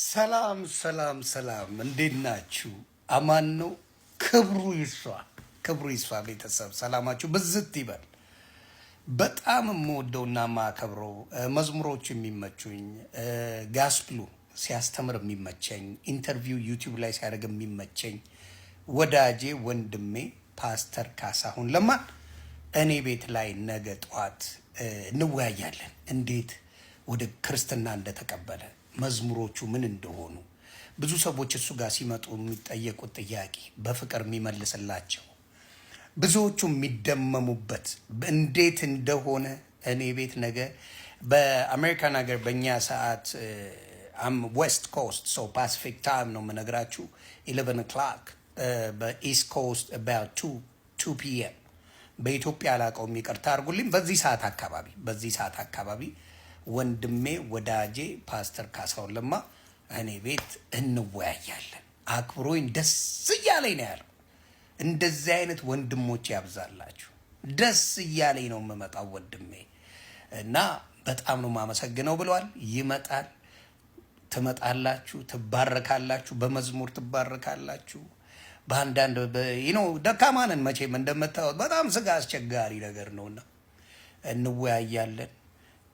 ሰላም ሰላም ሰላም፣ እንዴት ናችሁ? አማን ነው። ክብሩ ይስፋ፣ ክብሩ ይስፋ። ቤተሰብ ሰላማችሁ ብዝት ይበል። በጣም የምወደውና ማከብረው መዝሙሮቹ የሚመቹኝ ጋስፕሉ ሲያስተምር የሚመቸኝ ኢንተርቪው ዩቲዩብ ላይ ሲያደርግ የሚመቸኝ ወዳጄ ወንድሜ ፓስተር ካሳሁን ለማን እኔ ቤት ላይ ነገ ጠዋት እንወያያለን እንዴት ወደ ክርስትና እንደተቀበለ መዝሙሮቹ ምን እንደሆኑ ብዙ ሰዎች እሱ ጋር ሲመጡ የሚጠየቁት ጥያቄ በፍቅር የሚመልስላቸው ብዙዎቹ የሚደመሙበት እንዴት እንደሆነ እኔ ቤት ነገ በአሜሪካን ሀገር በእኛ ሰዓት ዌስት ኮስት ሰው ፓሲፊክ ታይም ነው የምነግራችሁ። ኢሌቨን ክላክ በኢስት ኮስት ቱ ቱ ፒኤም በኢትዮጵያ አላውቀውም፣ ይቅርታ አድርጉልኝ። በዚህ ሰዓት አካባቢ በዚህ ሰዓት አካባቢ ወንድሜ ወዳጄ ፓስተር ካሳሁን ለማ እኔ ቤት እንወያያለን። አክብሮኝ ደስ እያለኝ ነው ያለው። እንደዚህ አይነት ወንድሞች ያብዛላችሁ። ደስ እያለኝ ነው የምመጣው ወንድሜ እና በጣም ነው ማመሰግነው ብለዋል። ይመጣል። ትመጣላችሁ፣ ትባረካላችሁ፣ በመዝሙር ትባረካላችሁ። በአንዳንድ ነው ደካማንን መቼም እንደምታወት በጣም ስጋ አስቸጋሪ ነገር ነውና እንወያያለን።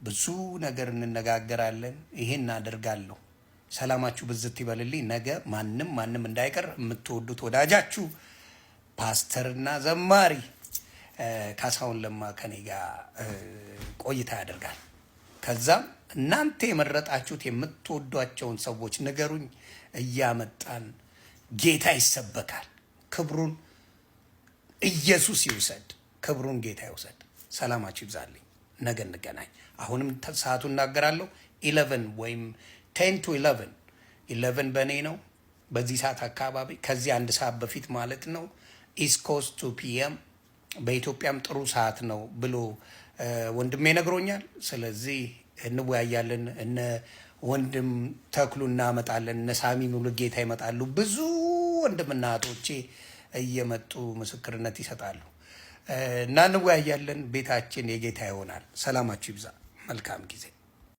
ብዙ ነገር እንነጋገራለን። ይሄን እናደርጋለሁ። ሰላማችሁ ብዝት ይበልልኝ። ነገ ማንም ማንም እንዳይቀር የምትወዱት ወዳጃችሁ ፓስተርና ዘማሪ ካሳሁን ለማ ከኔ ጋር ቆይታ ያደርጋል። ከዛም እናንተ የመረጣችሁት የምትወዷቸውን ሰዎች ንገሩኝ እያመጣን ጌታ ይሰበካል። ክብሩን ኢየሱስ ይውሰድ። ክብሩን ጌታ ይውሰድ። ሰላማችሁ ይብዛልኝ። ነገ እንገናኝ። አሁንም ሰዓቱ እናገራለሁ። ኢለቨን ወይም ቴን ቱ ኢለቨን ኢለቨን በእኔ ነው በዚህ ሰዓት አካባቢ ከዚህ አንድ ሰዓት በፊት ማለት ነው። ኢስት ኮስት ቱ ፒኤም በኢትዮጵያም ጥሩ ሰዓት ነው ብሎ ወንድሜ ነግሮኛል። ስለዚህ እንወያያለን። እነ ወንድም ተክሉ እናመጣለን። እነ ሳሚ ሙሉጌታ ይመጣሉ። ብዙ ወንድምና እህቶቼ እየመጡ ምስክርነት ይሰጣሉ። እና እንወያያለን። ቤታችን የጌታ ይሆናል። ሰላማችሁ ይብዛ። መልካም ጊዜ